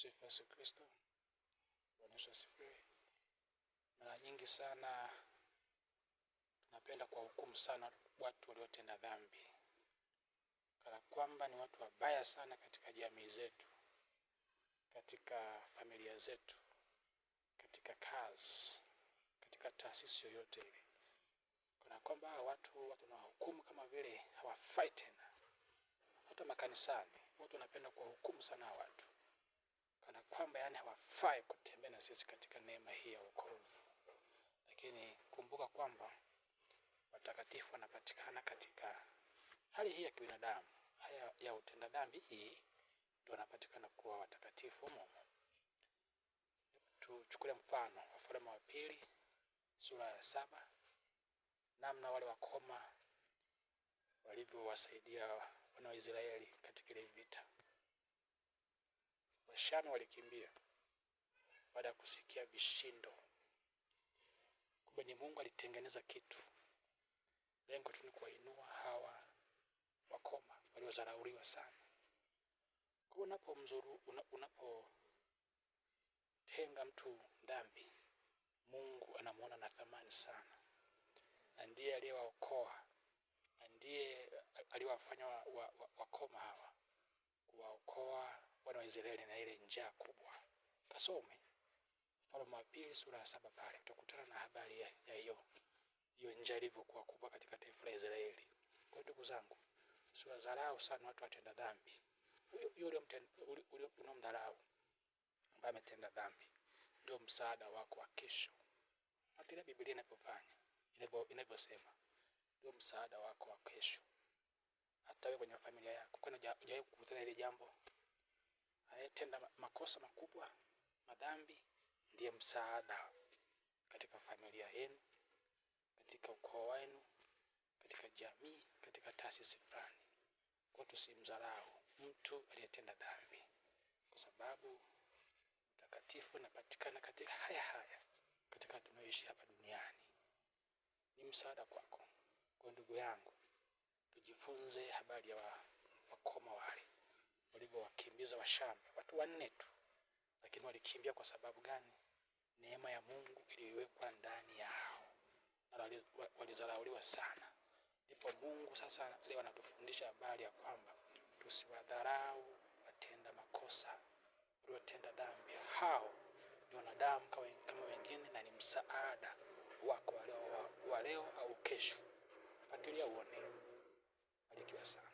Sifa Yesu Kristo. Bwana Yesu asifiwe. Mara nyingi sana tunapenda kuwahukumu sana watu waliotenda dhambi, kana kwamba ni watu wabaya sana katika jamii zetu, katika familia zetu, katika kazi, katika taasisi yoyote ile, kana kwamba hawa watu tunawahukumu kama vile hawafai tena. Hata makanisani watu wanapenda kuwahukumu sana watu kwamba yani hawafai kutembea na sisi katika neema hii ya wokovu, lakini kumbuka kwamba watakatifu wanapatikana katika hali hii ya kibinadamu, haya ya utenda dhambi hii, ndio wanapatikana kuwa watakatifu mumo. tuchukule mfano Wafalme wa Pili sura ya saba, namna wale wakoma walivyowasaidia wana wa Israeli katika ile vita. Washami walikimbia baada ya kusikia vishindo. Kumbe ni Mungu alitengeneza kitu, lengo tu ni kuwainua hawa wakoma waliozarauriwa sana. Kwa mzuru unapotenga mtu dhambi, Mungu anamwona na thamani sana, na ndiye aliyewaokoa na ndiye aliwafanya wakoma wa, wa, wa hawa kuwaokoa wana wa Israeli na ile njaa kubwa. Kasome Mfalme wa Pili sura ya saba pale utakutana na habari ya hiyo hiyo njaa ilivyokuwa kubwa katika taifa la Israeli. Kwa ndugu zangu, usiwadharau sana watu watenda dhambi. Yule unaomdharau ambaye ametenda dhambi ndio msaada wako wa kesho. Hata Biblia inavyofanya inavyosema, ndio msaada wako wa kesho. Hata wewe kwenye familia yako, kwani hujawahi kukutana ile jambo anayetenda makosa makubwa, madhambi, ndiye msaada katika familia yenu, katika ukoo wenu, katika jamii, katika taasisi fulani. Kwa tusimdharau mtu aliyetenda dhambi, kwa sababu utakatifu unapatikana katika haya haya, katika tunayoishi hapa duniani. Ni msaada kwako. Kwa ndugu yangu, tujifunze habari ya wakoma wale walivyowakimbiza washambe watu wanne tu, lakini walikimbia kwa sababu gani? Neema ya Mungu iliyowekwa ndani yao, na walizarauliwa sana. Ndipo Mungu sasa leo anatufundisha habari ya kwamba tusiwadharau watenda makosa, waliotenda dhambi. Hao ni wanadamu kama wengine, na ni msaada wako wa leo au kesho. Fuatilia uone. Barikiwa sana.